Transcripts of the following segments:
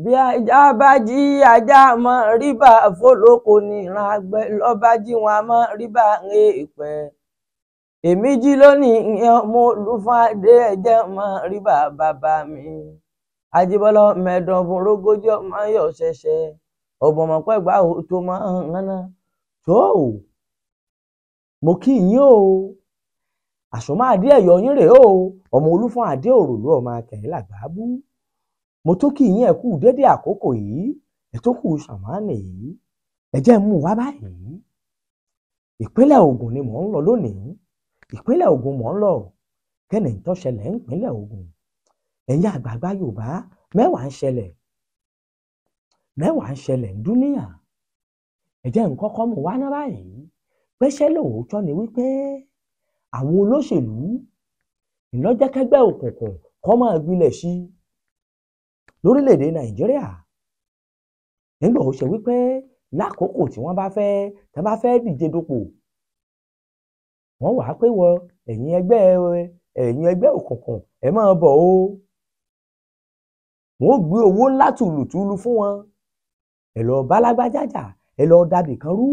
bí ajá bá jí ajá mọ rìbá fọlọkọ ní ìran jí wọn mọ rìbá rẹ pẹ èmi jí lónìí mo lù fún adé ẹjẹ mọ bàbá mi ajibọlọ mẹdọọbùn rógójì ọmọ yọ ṣẹṣẹ tó mọ tó o mo o àṣọmọ adé ẹyọ yín o ọmọ mo tún kí yín ẹ kú déédé àkókò yìí ẹ tún kú ṣàmánì yìí ẹ jẹ́ mú wá báyìí ìpínlẹ̀ Ògùn ni mò ń lọ lónìí ìpínlẹ̀ Ògùn mò ń lọ kẹ́ni tó ṣẹlẹ̀ ńpínlẹ̀ Ògùn ẹ̀yin àgbààgbà Yorùbá mẹ́wàá ń ṣẹlẹ̀ mẹ́wàá ń ṣẹlẹ̀ ń dúníyà ẹ jẹ́ n kọ́kọ́ mú wá ná báyìí pẹ́ṣẹ́ lóòótọ́ ni wípé àwọn olóṣèlú ìlọ́jẹ́kẹ́gbẹ́ òkùnkùn kọ́ máa gbilẹ̀ sí i lórílẹ̀‐èdè nàìjíríà nígbà ó ṣe wípé lákòókò tí wọ́n bá fẹ́ tí wọ́n bá fẹ́ díje dupò wọ́n wàá pé wọ ẹ̀yin ẹgbẹ́ ẹ̀yin ẹgbẹ́ òkùnkùn ẹ máa bọ̀ o wọ́n gbé owó ńlá fún wọn ẹ lọ bá lágbájájà lọ dàbí kan rú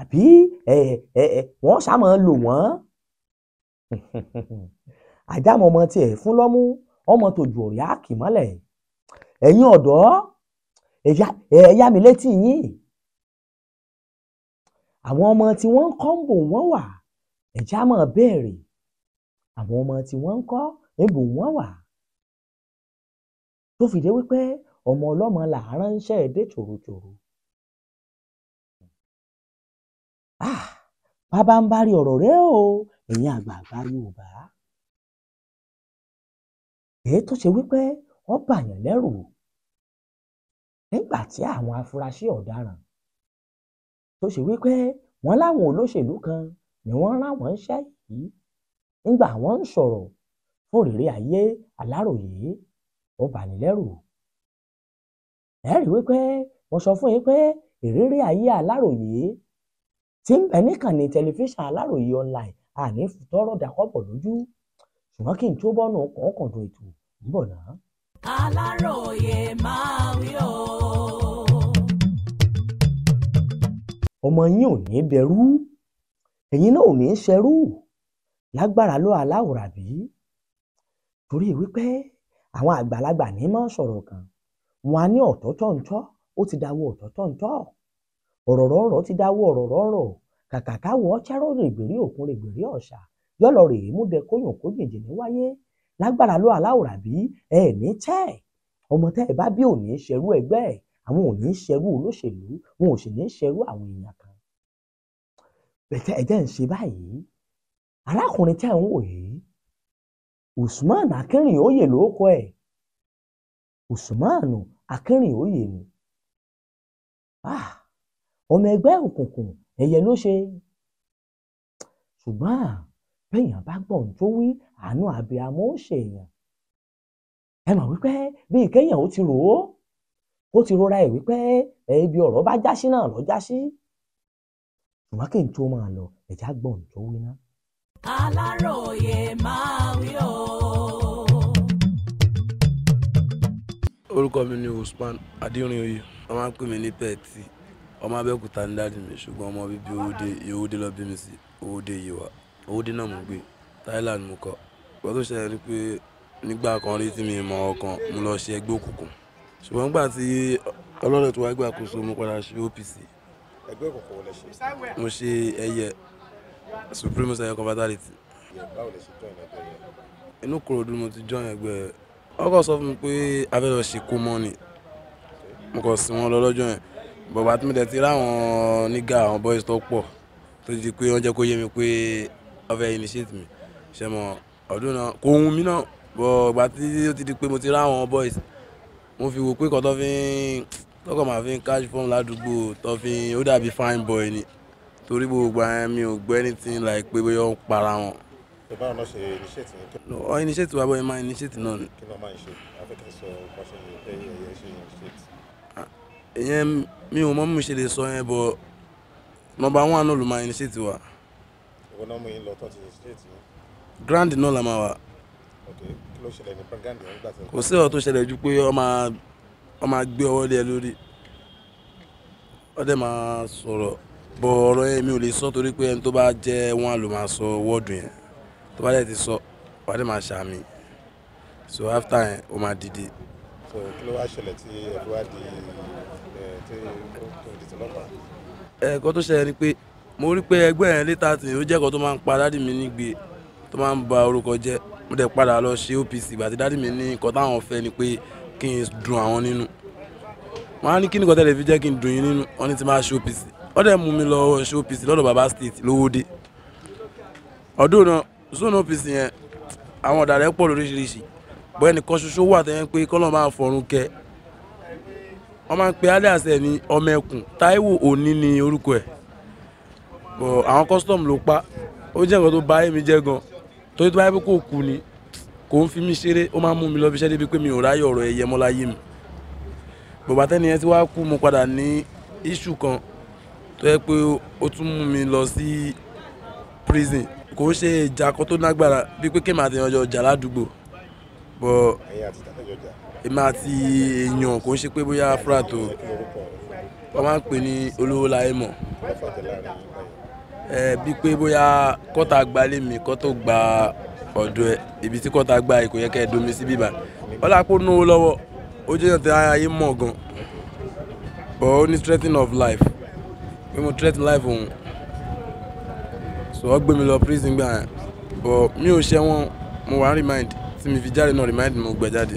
àbí ẹ ẹ ẹ wọ́n ṣá lò wọ́n àjámọ́ ọmọ tiẹ̀ fún lọ́mú ọmọ tòjú ọ̀rẹ́ àkìmọ́lẹ̀ ẹ̀yin ọ̀dọ́ ẹ yá mi létí yín àwọn ọmọ tí wọ́n ń kọ́ ń bò wọ́n wà ẹ̀já mọ̀ bẹ́ẹ̀rẹ̀ àwọn ọmọ tí wọ́n ń kọ́ ń bò wọ́n wà tó fìdí wípé ọmọ ọlọ́mọ là á ránṣẹ́ èdè tòrótòró ah, bàbá ń bá rí ọ̀rọ̀ rẹ o ẹ̀yin àgbààgbà Yorùbá èyí tó ṣe wípé wọ́n bàyàn lẹ́rù nígbà tí àwọn afurasí ọ̀daràn tó ṣe wípé wọ́n láwọn olóṣèlú kan ni wọ́n rán wọn ṣẹ́ yìí nígbà wọ́n ń sọ̀rọ̀ fún rere ayé aláròyé ó bani lẹ́rù ẹ rí wípé mo sọ fún yín pé ìrírí ayé aláròyé tí ń bẹ níkànnì tẹlifíṣàn aláròyé online àní tọrọ dàkọ́bọ̀ lójú ṣùgbọ́n kí n tó bọ́nu kọ̀ọ̀kan dùn ètò ń bọ̀ náà. aláròyé máa ń yọ̀ ọmọ yín ò ní bẹ̀rù ẹ̀yin náà ò ní ṣẹrú lágbára ló aláwòrán bí torí wípé àwọn àgbàlagbà ní máa sọ̀rọ̀ kan wọn á ní ọ̀tọ̀tọ̀ ń tọ́ ó ti dáwọ́ ọ̀tọ̀tọ̀ ń tọ́ ọ̀rọ̀ rọ̀rọ̀ ti dáwọ́ ọ̀rọ̀ rọ̀rọ̀ kàkà káwọ́ ọ̀cháró règbèrè òkun règbèrè ọ̀ṣà yọ̀lọ̀ rèé mú bẹ kóyùn kó jèjì wáyé lágbára ló aláwòrán bí ẹ ní tẹ́ ọmọ tẹ́ ẹ bá bí ò ṣerú ẹgbẹ́ àwọn ò ní í ṣerú olóṣèlú wọn ò sì ní í ṣerú àwọn èèyàn kan bẹ̀tẹ̀ ẹ̀jẹ̀ ń ṣe báyìí arákùnrin tí à ń wò yìí Usman Akínrìnóyè ló kọ ẹ̀ Usman Akínrìnóyè ni ah, ọmọ ẹgbẹ́ òkùnkùn ẹ̀yẹ ló ṣe ṣùgbọ́n bẹ́ẹ̀yàn bá gbọ̀n tó wí àánú àbí amóhùnṣe èèyàn ẹ mọ̀ wípé bíi kéèyàn ó ti rò ó ó ti rọra ẹ̀ wípé ẹ ibi ọ̀rọ̀ bá já sí náà lọ já ṣùgbọ́n kí n tó máa lọ ẹ̀já gbọ̀n tó wí ná. aláròye máa wí o. orúkọ mi ni usman adírinoye wọn máa ń pè mí ní pẹẹtì ọmọ abẹ́òkúta ní dáàdì mi ṣùgbọ́n ọmọ bíbí owóde ìyówóde lọ bí mi sí owóde ìyíwá owóde náà mo gbé thailand mo kọ ìgbà tó ṣẹlẹ̀ ni pé nígbà kan rí tí mi mọ ọkàn mo lọ ṣe ẹgbẹ́ òkùnkùn ṣùgbọ́n nígbà tí ọlọ́run tó wá gbà kóso mo padà ṣe OPC mo ṣe ẹyẹ supreme senior convertality báwo lè ṣe join inú kòròdú mo ti join ẹgbẹ́ ọkọ̀ sọ fún mi pé a fẹ́ lọ ṣe kó mọ́ni mo kàn sí wọn lọ́lọ́jọ́ yẹn bọ̀bá tí mo tẹ̀ ti ráwọn nígà àwọn boys tó pọ̀ tó di pé wọ́n jẹ́ kó yé mi pé wọ́n fẹ́ initiate mi ṣe mọ̀ ọdún náà kò hun mi náà bọ̀ ọgbà tí ó ti di pé mo ti ráwọn boys mo fi wò pé kan tó fi ń tọkọ máa fi ń catch form ládùúgbò tó fi ó dàbí fine boy ni torí gbogbo àwọn mi ò gbọ́ anything like pé bóyá ó ń para wọn. báwo ló ṣe initiate yẹn. ọ initiate wa bóyá máa initiate náà ni. kí ló máa ń ṣe afẹ́kẹ́ sọ bó ṣe ẹyẹ ẹyẹ ṣe initiate. Ah, ìyẹn mi ò mọ̀ mi ṣe lè sọ yẹn bọ̀ nọ́mbà one náà ló máa initiate wa. ìwọ náà mú yín lọ tó ti initiate yẹn. grand náà la máa wà. okay kò sí ọ̀rọ̀ tó ṣẹlẹ̀ ju pé wọ́n máa gbé ọwọ́ lé ẹ lórí wọ́n dẹ̀ máa sọ̀rọ̀ bọ̀ ọ̀rọ̀ yẹn mi ò lè sọ torí pé ẹni tó bá jẹ́ wọn ló máa sọ wọ́ọ̀dù yẹn tó bá dẹ̀ ti sọ wọ́n dẹ̀ máa ṣàmì so after yẹn ó máa dìde. so kí ló wá ṣẹlẹ̀ tí ẹ wá di ẹ tí tó ṣẹlẹ̀ ni pé mo rí pé ẹgbẹ́ yẹn létà tì ó jẹ́ ẹ̀kọ́ tó máa ń pa dádì mi tó máa ń ba orúkọ jẹ́ mo dẹ̀ padà lọ ṣe OPC ìgbà tí dádì mi ní nǹkan táwọn fẹ́ ni pé kí n dùn àwọn nínú wọn á ní kí nìkan tẹ́lẹ̀ fi jẹ́ kí n dùn yín nínú wọn ní ti máa ṣe OPC wọ́n dẹ̀ mú mi lọ ṣe OPC lọ́dọ̀ baba state lówódé ọdún náà zone OPC yẹn àwọn ọ̀dàrẹ́ pọ̀ lóríṣiríṣi bọ́ ẹnìkan ṣoṣo wà tẹ́yẹn pé kọ́lọ́ máa fọ̀run kẹ wọ́n máa ń pe alias ẹ̀ ní ọmọ ẹkùn Táíwò Òní ni orúkọ ẹ̀ bọ̀ àwọn custom ló pa ó jẹ́ nǹkan tó bà èmi jẹ́ gan-an torí tó bá yẹ kó kú ni kò ń fi mí ṣeré ó máa ń mú mi lọ fi ṣẹ́ débi pé mi ò ráyè ọ̀rọ̀ ẹ̀yẹ mọ́ láyé mi bàbá tẹ́ni yẹn tí wàá kú mo padà ní issue kan tó yẹ pé ó tún mú mi lọ sí prison kò ń ṣe ìjà kan tó nágbára bíi pé kéèmà àti ìyànjọ ọjà ládùúgbò bọ èmi àti èèyàn kò ń ṣe pé bóyá afra tó wọn máa ń pè ní olówó láyé mọ bíi pé bóyá kọ́ta gba lémi kọ́ tó gba ọ̀dọ̀ ẹ̀ ibi tí kọ́ta gba ẹ̀ kò yẹ kẹ́ ẹ̀ domi sí bíbá ọlápò náwó lọ́wọ́ ó jẹ́ ìyàntẹ́ ayé mọ̀ gan but ó ní threatening of life pé mo threaten life òun so ọ gbé mi lọ prison gbà yẹn but mi ò ṣe wọn mo wá remind tí mi fi jáde náà remind mi ò gbẹ jáde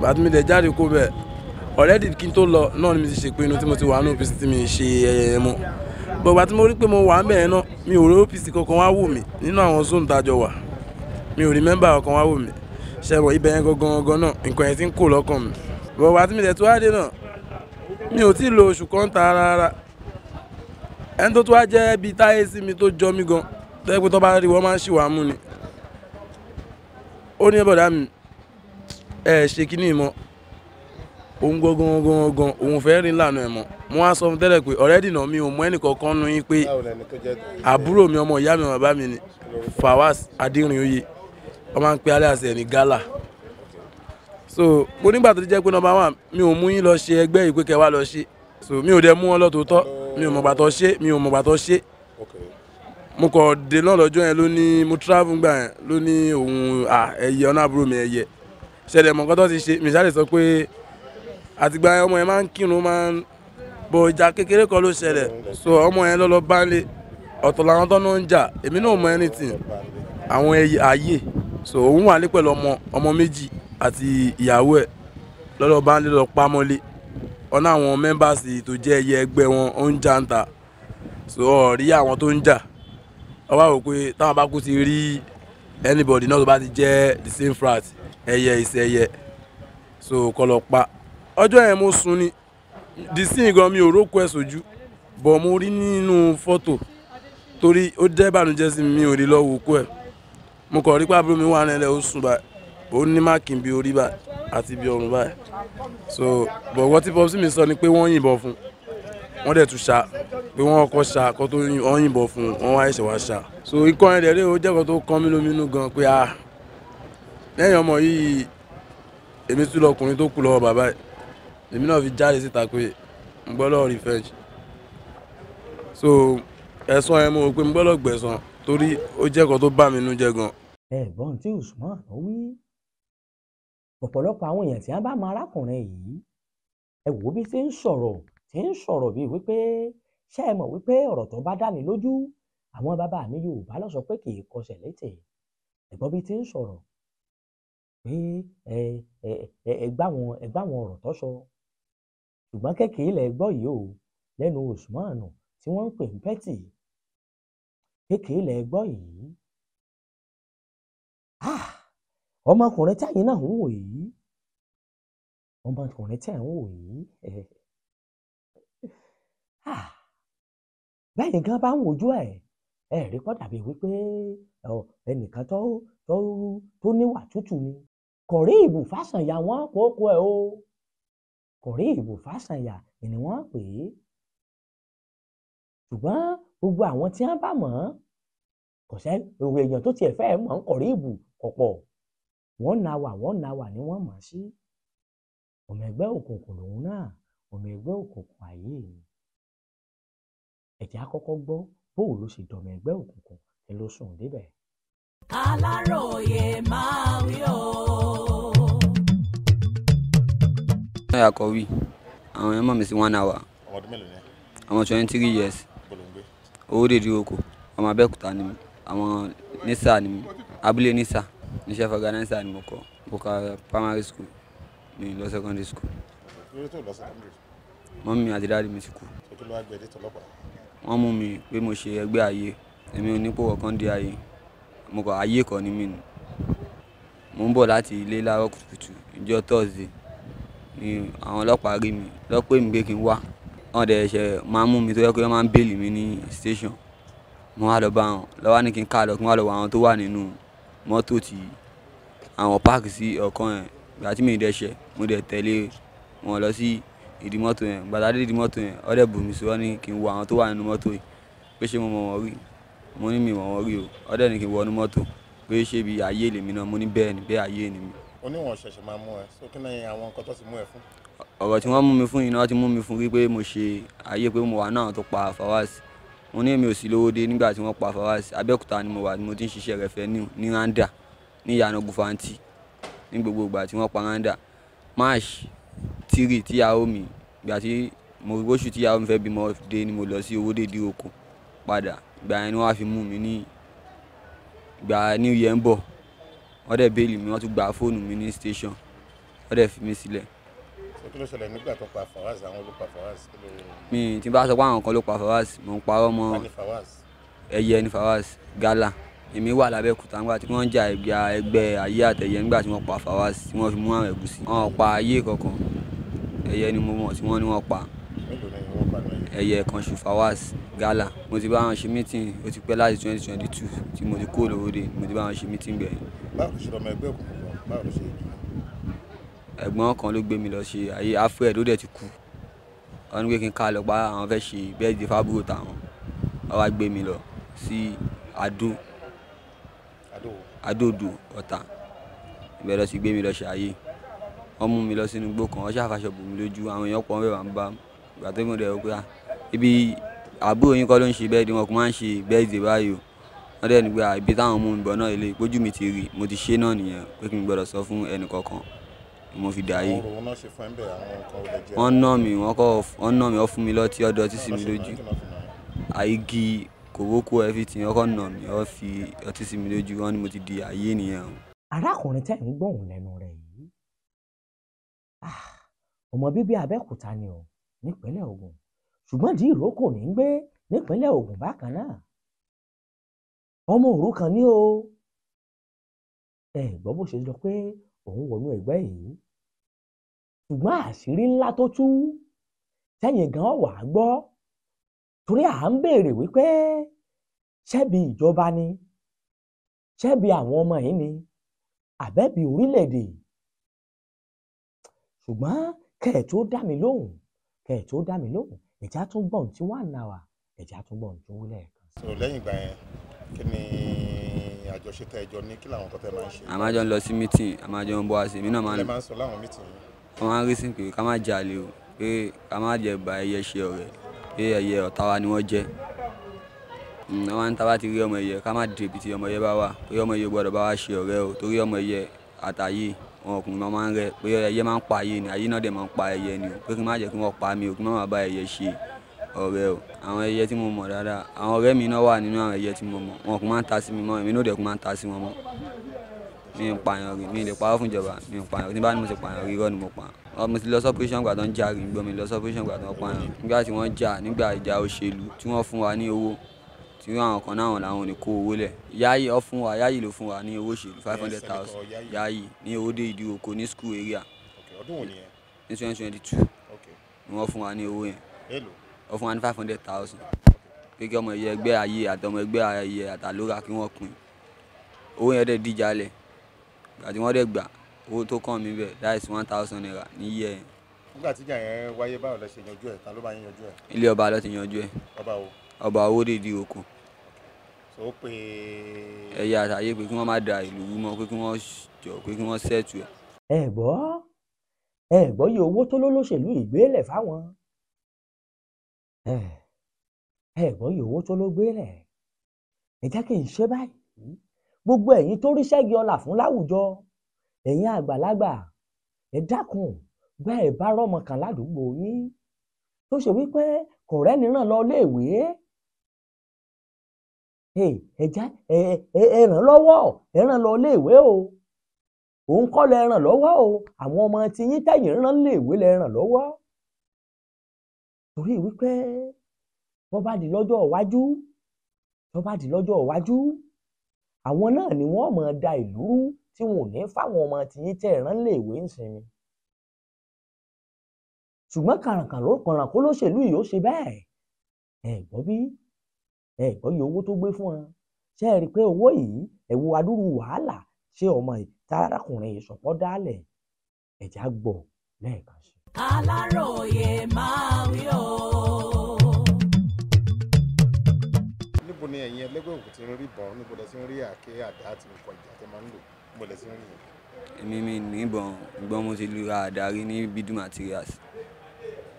bàtí mi dẹ̀ jáde kó bẹ́ẹ̀ already kí n tó lọ náà ni mi ti ṣèpinnu tí mo ti wà nù bọ̀gbà tí mo rí pé mo wà ń bẹ̀ yẹn náà mi ò rí OPC kankan wá wò mí nínú àwọn zone tájọ wà mi ò rí mẹ́mbà kankan wá wò mí ṣẹ̀bọ̀ ibẹ̀ yẹn gangan gangan náà nǹkan yẹn ti ń kó lọ́kàn mi bọ̀gbà tí mi tẹ̀ tó wá dé náà mi ò tí ì lo oṣù kan ta rárá ẹni tó tó wá jẹ́ bíi táyé sí mi tó jọ mí gan tẹ́ pé tó bá rí wọ́n máa ń ṣì wá mú ni ó ní bọ̀dá mi ẹ ṣe kíní mọ́ òun gangan gangan òun fẹ́ rìn lànà ẹ̀ mo wá sọ fún tẹ́lẹ̀ pé ọ̀rẹ́dì náà mi ò mọ ẹnìkankan nu yín pé àbúrò mi ọmọ ìyá mi bàbá mi ni Fawaz Adérinòye wọ́n máa ń pe alẹ́ àṣẹ ní gala so mo nígbà tó jẹ́ pé nọ́mbà wà mi ò mú yín lọ ṣe ẹgbẹ́ yìí pé kẹ́ wá lọ ṣe so mi ò dẹ̀ mú wọn lọ́tòótọ́ mi ò mọ̀gbà tó ṣe mi ò mọ̀gbà tó ṣe mo kọ̀ dé náà lọ́jọ́ yẹn ló mo travel gbà yẹn ló òun ẹ̀yẹ ọ̀nà àbúrò mi ẹ̀yẹ ṣẹlẹ̀ mọ̀gbà tó ti ṣe mi ṣáà lè sọ pé àtìgbà yẹn ọmọ yẹn máa ń kírun máa ń bọ ìjà kékeré kan ló ṣẹlẹ̀ so ọmọ yẹn lọ́lọ́ bá ń lé ọ̀tọ̀ làwọn tó ń jà èmi náà mọ anything àwọn ààyè so òun wà ní pẹ̀lú ọmọ ọmọ méjì àti ìyàwó ẹ̀ lọ́lọ́ bá ń pamọ́lé ọ̀nà àwọn members tó jẹ́ ẹyẹ ẹgbẹ́ wọn ó ń jà ń ta so ọ̀rí àwọn tó ń jà ọba rò pé táwọn bá kú ti rí anybody náà tó bá ti jẹ́ the same frat ẹyẹ ìṣẹ̀yẹ so kọ́ pa ọjọ́ yẹn mo sun ni disin gan mi ò rókò ẹ̀ sójú bọ̀ mo rí nínú fọ́tò torí ó jẹ́ ìbànújẹ́ sí mi ò rí lọ́wọ́ òkú ẹ̀ mo kàn rí pàbúrò mi wà nílẹ̀ ó sùn báyìí ó ní máàkì bí orí báyìí àti bí ọrùn báyìí so bọ̀ wọ́n tí pọ́psí mi sọ ni pé wọ́n yìnbọn fún wọ́n dẹ̀ tún ṣá pé wọ́n kọ́ ṣá kó tó wọ́n yìnbọn fún wọ́n wá ẹ̀ṣẹ̀ wá ṣá so ikọ́ yẹn dẹ̀rẹ́ ó jẹ́kọ̀ọ́ tó kán mí lóminú gan pé ah lẹ́yìn ọmọ yìí èmi tún lọkùnrin tó kù lọ́wọ́ bàbá yìí èmi náà fi jáde síta pé n gbọ́dọ̀ revenge so ẹ̀sán yẹn mo rò pé n gbọ́dọ̀ gbẹ̀sán torí ó jẹ́ kan tó bà mí nú jẹ́ gan. ẹ̀gbọ́n tí Usman ló wí ọ̀pọ̀lọpọ̀ àwọn èèyàn tí wọ́n bá mọ arákùnrin yìí ẹ wò bí ṣe ń sọ̀rọ̀ ṣe ń sọ̀rọ̀ bíi wípé ṣé ẹ mọ̀ wípé ọ̀rọ̀ tó bá dá ní lójú àwọn bàbá mi Yorùbá ló sọ pé kì í kọsẹ̀ létè ẹ̀gbọ́n bíi ti ń sọ̀rọ̀ pé ẹ ẹ ẹ gbá wọn ẹ gbá wọn ọ̀rọ̀ tó sọ ṣùgbọ́n kékeré lẹ gbọ́ yìí o lẹ́nu usman tí wọ́n ń pè ní petty kékeré lẹ gbọ́ yìí ah! ọmọkùnrin táyìn náà ń wò yìí ọmọkùnrin táyìn ń wò yìí ah! bẹ́ẹ̀ gan bá ń wojú ẹ̀ ẹ̀ rí pọ́ dàbí wípé ẹnìkan tó tó níwà tútù ni kò rí ìbùfásànyà wọn kókó ẹ̀ o kò rí ìbò fásànyà ni wọ́n pè é ṣùgbọ́n gbogbo àwọn tí wọ́n bá mọ̀ ọ́n kò sẹ́ òwe èèyàn tó tiẹ̀ fẹ́ẹ́ mọ̀ ń kò rí ìbò ọ̀pọ̀ wọ́n na wà wọ́n na wà ni wọ́n mọ̀ sí ọmọ ẹgbẹ́ òkùnkùn lòun náà ọmọ ẹgbẹ́ òkùnkùn àyè mi ẹ̀jẹ̀ àkọ́kọ́ gbọ́ bóò ló ṣe dọ̀mọ̀ ẹgbẹ́ òkùnkùn ẹ ló sùn débẹ̀. aláròye máa wí o lọ́yà kọ̀wé àwọn èèyàn mọ̀ sí one hour. ọmọ ọdún mélòó ni. àwọn twenty three years. bolongbe. owó dèdè oko ọmọ abẹ́òkúta ni mi àwọn nisa ni mi abúlé nisa níṣẹ́ fọgànáísà ni mo kọ́ bùkà primary school mi lọ secondary school. lórí tó lọ secondary. mọ́mí mi àti dáàdi mi ti kú. kí ló wá gbé ẹdí tọlọ́pàá. wọ́n mú mi pé mo ṣe ẹgbẹ́ ayé èmi ò nípò ọ̀kan di ayé mo kọ ayé kọ́ ni mí ni mo ń bọ̀ láti ilé láàárọ̀ kùtùkùtù ìjọ thursday ni àwọn ọlọ́pàá rí mi lọ́pẹ́ mi pé kí n wá wọn dẹ̀ ṣe máa mú mi tó yẹ kó yẹ máa ń bèèlì mi ní station mo wá lọ bá wọn lọ́wọ́ ní kí n ká lọ kí n wá lọ wọ àwọn tó wà nínú mọ́tò tí àwọn páàkì sí ọ̀kan yẹn gbà tí mi dẹ̀ ṣe mo dẹ̀ tẹ̀lé wọn lọ sí ìdí mọ́tò yẹn gbàtà dé ìdí mọ́tò yẹn ó dẹ̀ bù mí sí wọn ní kí n wọ àwọn tó wà nínú mọ́tò yìí pé ṣé mo mọ̀ wọ́n rí mo ní mi mọ̀ wọ́n rí o ó dẹ̀ kí n wọ inú mọ́tò pé ṣé bí ayé lèmi náà mo ní bẹ́ẹ̀ ni bẹ́ẹ̀ ayé ni mi oníwọ̀n ṣẹ̀ṣẹ̀ máa mú ẹ so kí ni àwọn nǹkan tó ti mú ẹ fún. ọ̀rọ̀ tí wọ́n mú mi fún yìí ni wọ́n ti mú mi fún wípé mo ṣe ayé pé mo wà náà tó pa Fawaz mo ní èmi ò sí lówó dé nígbà tí wọ́n pa Fawaz Abẹ́òkúta ni mo wà ni mo ti ń ṣiṣẹ́ rẹ̀ fẹ́ ní Randa ní ìyànà gufanti ní gbogbo ìgbà tí wọ́n pa Randa March tírì tíyàwó mi ìgbà tí mo rí bóṣù tíyàwó mi fẹ́ bímọ dé ni mo lọ sí owó dèdí oko padà ìgbà yẹn ni wọ́n á fi mú mi ní ìgbà new year ń bọ̀ wọ́n dẹ̀ bẹ́ẹ̀lì mi wọ́n tún gba fóònù mi ní station wọ́n dẹ̀ fi mi sílẹ̀. ṣé kí ló ṣẹlẹ̀ nígbà tó pa Fawaz àwọn ló pa Fawaz. mi tí n bá sọ pé àwọn kan ló pa Fawaz mò ń parọ́ mọ́ ẹyẹ ni Fawaz gala èmi wà lábẹ́kúta nígbà tí wọ́n jà ẹgbẹ́ ayé àtẹ̀yẹ nígbà tí wọ́n pa Fawaz tí wọ́n fi mú àwọn ẹ̀gúsí. wọn pa ayé kankan ẹyẹ ni mo mọ̀ tí wọ́n ní wọ́n pa ẹ̀yẹ kan ṣùfàwàs gala mo ti bá wọn ṣe meeting ó ti pẹ́ láti twenty twenty two tí mo ti kó lówóde mo ti bá wọn ṣe meeting gbẹ̀yìn. báwo ló ṣe ọmọ ẹgbẹ́ òkùnkùn báwo ló ṣe jù. ẹ̀gbọ́n kan ló gbé mi lọ ṣe ayé afẹ́ ló dẹ̀ ti kú wọn ní pé kí n ká lọ pa àwọn fẹ́ ṣe bẹ́ẹ̀ di fábúrò táwọn wọn wá gbé mi lọ sí adó adódò ọ̀tà ìbẹ̀rẹ̀ sì gbé mi lọ ṣe ayé wọ́n mú mi lọ sínú igbó kan wọ́n ṣàfàṣọ bò mí lójú àwọn èèyàn pọ̀ ń bẹ̀ ìgbà tó mú rẹ̀ ó pé à ah, ibi àbúrò yín kọ́ ló ń ṣe bẹ́ẹ̀dì wọn kò máa ń ṣe bẹ́ẹ̀dì báyìí o wọ́n dẹ̀ ní pé ah, ibi táwọn mú mi bọ̀ náà ilé ìpójú mi ti rí mo ti ṣe náà nìyẹn pé kí n gbọ́dọ̀ sọ fún ẹnì kankan mo fi dà yìí. wọ́n ná mi wọ́n kọ́ wọ́n ná mi wọ́n fún mi lọ́tí ọ̀dọ̀ tí sì mi lójú àyígi kòbókò ẹ fi tì wọ́n kọ́ ná mi wọ́n fi ọtí sì mi lójú wọ́n ní mo ti di ayé nìyẹn. arákùnrin tẹ́ ń gbóhùn lẹ́nu rẹ̀ yìí ah, ọmọ bíbí Abẹ́òkúta ni o nípínlẹ̀ Ògùn ṣùgbọ́n ìdí ìrókò ní í gbé nípínlẹ̀ Ògùn bákan náà ọmọ òrukàn ni o ẹ gbọ́ bó ṣe sọ pé òun wọnú ẹgbẹ́ yìí ṣùgbọ́n àṣírí ńlá tó tú sẹ́yìn gan wà á gbọ́ torí à ń béèrè wípé ṣebí ìjọba ni ṣebí àwọn ọmọ yìí ni àbẹ́bí orílẹ̀-èdè ṣùgbọ́n kẹ́ tó dá mi lóhùn kẹ́ ẹ̀ tó dá mi lóhùn ẹ̀já tún gbọ̀n tí one hour ẹ̀já tún gbọ̀n tó wúlẹ̀ kan. so lẹ́yìn ìgbà yẹn kí ni àjọṣe tẹ ẹjọ ní kí làwọn kan máa ń ṣe. a máa jọ ń lọ sí mítìn a máa jọ ń bọ́ àṣẹ mi náà máa ń. ẹ máa ń sọ láwọn mítìn yìí. máa ń rí sí pé ká má jalè o pé ká má jẹ ba ẹyẹ ṣe ọ̀rẹ́ pé ẹyẹ ọ̀tá wa ni wọ́n jẹ́ hmm, wọ́n máa ń ti rí ọmọ ẹyẹ ká má dèbìtì ọmọ ẹyẹ bá wà pé ọmọ ẹyẹ gbọ́dọ̀ bá wa ṣe ọ̀rẹ́ o torí ọmọ ẹyẹ àtàyè wọn ọkùnrin máa máa ń rẹ pé ẹyẹ máa ń pa ayé ni ayé náà dẹ̀ máa ń pa ẹyẹ ni o pé kí n má jẹ́ kí wọ́n pa mi o kí n má máa bá ẹyẹ ṣe ọ̀rẹ́ o àwọn ẹyẹ tí mo mọ̀ dáadáa àwọn ọ̀rẹ́ mi náà wà nínú àwọn ẹyẹ tí mo mọ̀ wọn kò máa ń ta sí mi mọ́ èmi náà dẹ̀ kò máa ń ta sí wọn mọ́ mi ń pààyàn rí mi lè parọ́ fún ìjọba mi ń pààyàn tí bá ní mo ti pààyàn rí irọ́ ni mo pa mo ti lọ sọ́pẹ́sọ̀n gbà tó ń jà rí gbọ́ mi lọ sọ́pẹ́sọ̀n gbà tó ń pààyàn nígbà tí wọ́n jà nígbà ìjà òṣèlú tí wọ́n fún wa ní owó tí àwọn kan náà làwọn ò ní kó owó lẹ̀ yáyì ọ fún wa yáyì ló fún wa ní owó òṣèlú five hundred thousand yáyì ní owó dé ìdí oko ní school area ọdún wo ni yẹn ní twenty twenty two ni wọ́n fún wa ní owó yẹn wọ́n fún wa ní five hundred thousand pé kí ọmọ ẹ̀yẹ ẹgbẹ́ ayé àtọmọ ẹgbẹ́ ayé àtàlóra kí wọ́n pín owó yẹn dẹ̀ díjà lẹ̀ àti wọ́n dẹ̀ gbà owó tó kàn mí bẹ̀ that is one thousand naira ní yẹ yẹn nígbà tí ìjà yẹn wáyé báwo lẹ ṣe yanjú ẹ ta ló bá yín yanjú ẹ. ilé ọba ló ti yanjú ẹ. ọba wo. ọba owódèdí oko ó pè é. ẹyà àtàyè pé kí wọ́n má da ìlú wú mọ́ pé kí wọ́n jọ pé kí wọ́n ṣètù ẹ̀. ẹ gbọ́ ẹ gbọ́ yìí owó tó lólóṣèlú ìgbélẹ̀ fáwọn ẹ gbọ́ yìí owó tó ló gbélẹ̀ ẹ jẹ́ kí n ṣe báyìí gbogbo ẹ̀yin tó rí ṣẹ́gi ọlà fún láwùjọ ẹ̀yin àgbàlagbà ẹ dákun bẹ́ẹ̀ bá rọ́mọ kan ládùúgbò yín tó ṣe wípé kò rẹ́ni ràn lọ léèwé ẹja ẹ ràn lọ́wọ́ ẹ ràn lọ léèwé o òun kọ́ lẹ ràn lọ́wọ́ o àwọn ọmọ tí yín tẹ̀yìn ràn léèwé lẹ ràn lọ́wọ́ torí wípé wọ́n bá di lọ́jọ́ iwájú wọ́n bá di lọ́jọ́ iwájú àwọn náà ni wọ́n mọ̀ da ìlú tí wọn ò ní fáwọn ọmọ tìyín tẹ̀ rán léèwé ń sinmi ṣùgbọ́n kàràǹkàn ló kàràǹkó lóṣèlú yìí ó ṣe bẹ́ẹ̀ ẹ gbọ́ bí ẹ gbọ́ iye owó tó gbé fún wọn ṣe é rí i pé owó yìí ẹ wo adúrú wàhálà ṣé ọmọ ìtarakùnrin ìṣọ̀pọ̀ dálẹ̀ ẹ̀já gbọ̀ lẹ́ẹ̀kan sí. aláròye máa wí o. níbo ni ẹ̀yin ẹlẹ́gbẹ́ òkú ti ń rí bọ̀ níbo lẹ ti ń rí àáké àdá àti nǹkan ìjà tẹ máa ń lò níbo lẹ ti ń rí èmi mi ní ìbọn mo ti lu àdá rí ní bídùn materials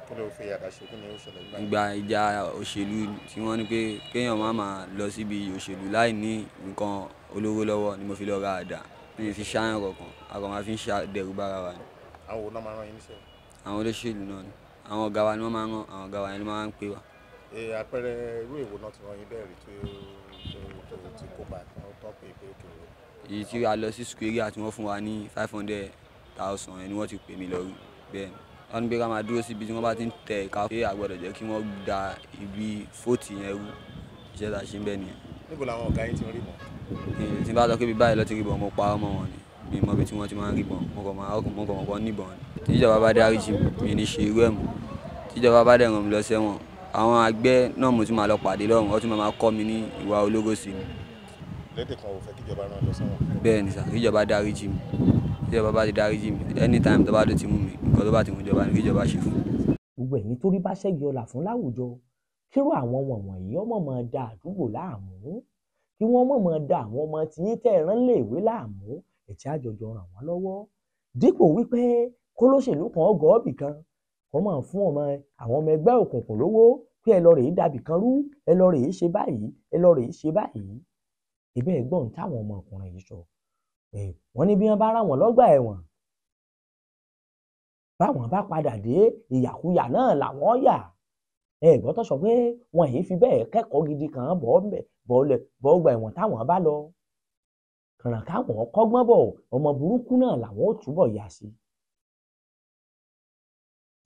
kí ló fi yàrá ṣe kí ni ó ṣẹlẹ̀ nígbà. ìgbà ìjà òṣèlú tí wọ́n ní pé kéèyàn má máa lọ síbi òṣèlú láì ní nǹkan olówó lọ́wọ́ ni mo fi lọ ra àdá mi fi ṣáyàn kankan àkàn máa fi ń ṣàdẹ̀rù bára wa ni. àwọn wo náà máa ń rán yín níṣẹ́. àwọn olóṣèlú náà ni àwọn ọ̀gá wa ni wọ́n máa ń rán àwọn ọ̀gá wa ni wọ́n máa ń pè wá. àpẹẹrẹ irú èwo náà ti rán yín bẹ́ẹ̀ rí tó ti kópa kí wọ́n pé pé òkèèrè. èyí tí a lọ sí wọ́n ní pé ká máa dúró síbi tí wọ́n bá ti ń tẹ ìka pé àgbọ̀dọ̀ jẹ́ kí wọ́n da ibi fóòtì yẹn rú iṣẹ́ tá a ṣe ń bẹ̀ nìyẹn. níbo làwọn ọ̀gá yín ti rí bọ̀. tí n bá sọ pé ibi báyìí ló ti rí bọ̀ mo pa ọmọ wọn ni mi mọ ibi tí wọ́n ti máa ń rí bọ̀ mo kàn máa mo kàn mọ̀ níbọn ni. tíjọba bá dárí jì mí ní ṣe irú ẹ̀ mọ́ tíjọba bá dẹ̀ ràn mí lọ sẹ́wọ̀n àwọn àgbẹ̀ náà mo ti anytime tó bá dùn nǹkan tó bá ti mú ìjọba ní kíjọba ṣe fún. gbogbo ẹ̀mí tó rí bá ṣẹ́gi ọlà fún láwùjọ kíró àwọn wọ̀nwọ̀nyí ọmọ máa da àdúgbò láàmú kí wọ́n mọ̀ máa da àwọn ọmọ tiyín tẹ́ ẹ rán léèwé láàmú ẹ̀tí àjọjọ ràn wọ́n lọ́wọ́ dípò wípé kólóṣèlú kan ọgọ́ọ̀bì kan kọ́ máa fún ọmọ àwọn ọmọ ẹgbẹ́ òkùnkùn lówó pé ẹ lọ rèé dàbì kan rú ẹ lọ rèé ṣe báyìí ẹ lọ rèé ṣe báyìí ìbẹ́ ẹ̀gbọ́n táwọn ọmọkùnrin yìí sọ wọ́n ní bí wọ́n bá rà wọ́n lọ́gbà ẹ̀wọ̀n báwọn bá padà dé ìyàkuyà náà làwọn yà ẹ tó sọ pé wọn yìí fi bẹ́ẹ̀ kẹ́kọ̀ọ́ gidi kan bọ́ bọ́ọ̀lẹ̀ bọ́ọ̀gbà ẹ̀wọ̀n táwọn bá lọ kànà káwọn kọ́gbọ́n bọ̀ ọmọ burúkú náà làwọn ò túbọ̀ yà sí.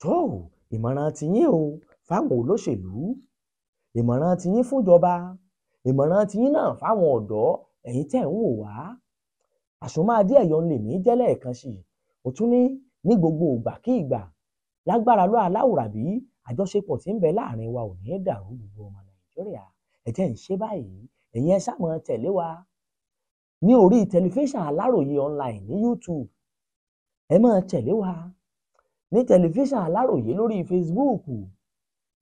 tó ìmọ̀ràn tiyín o fáwọn olóṣèlú ìmọ̀ràn tiyín fúnjọba ìmọ̀ràn tiyín náà fáwọn ọ̀dọ́ ẹ̀yin tẹ̀ ń wò wá àsomá díẹ̀ yọ̀ ń lè mí jẹ́lẹ̀ kan sí i ó tún ní ní gbogbo ìgbà kí ìgbà lágbára lọ aláwùrábí àjọṣepọ̀ tí ń bẹ láàrin wa ò ní dàrú gbogbo ọmọ nàìjíríà ẹ̀jẹ̀ ń ṣe báyìí ẹ̀yin ẹ ṣá tẹ̀lé wa ní orí tẹlifíṣàn aláròye online ní youtube ẹ máa tẹ̀lé wa ní tẹlifíṣàn aláròye lórí facebook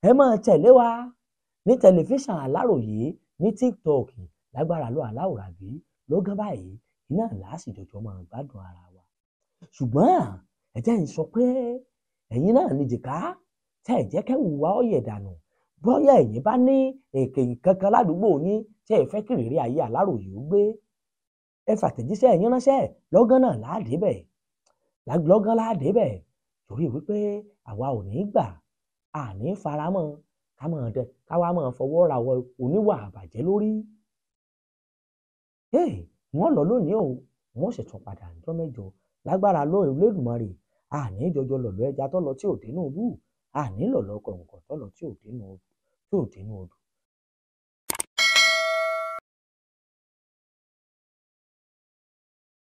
ẹ máa tẹ̀lé wa ní tẹlifíṣàn aláròye ní tiktok lágbára lọ aláwùrábí lọ́gán báyìí iná làásìjọjọ máa gbádùn ara wa ṣùgbọ́n ẹ̀jẹ̀ yìí sọ pé ẹ̀yin náà ní jìká tẹ́ ẹ̀jẹ̀ kẹ́wù wá ọ̀yẹ̀ dànù bóyá ẹ̀yin bá ní èkè kankan ládùúgbò yín tẹ́ ẹ fẹ́ kiri rí ayé aláròyé ó gbé ẹ fàtẹ̀jíṣẹ́ ẹ̀yin ránṣẹ́ lọ́gán náà láàdé bẹ̀ lọ́gán láàdé bẹ̀ torí wípé àwa ò ní gbà à ní faramọ́ ká máa dẹ ká wá máa fọwọ́ ra oníwà àbàjẹ́ lórí wọ́n lọ lónìí o wọ́n sì padà níjọ́ mẹ́jọ lágbára lóòrùn lẹ́dùnmọ́ rẹ̀ àní jọjọ lọ̀lọ̀ ẹja tọ́lọ tí ò dénú bú àní lọ̀lọ̀ kọ̀ǹkọ̀ tọ́lọ tí ò dénú odò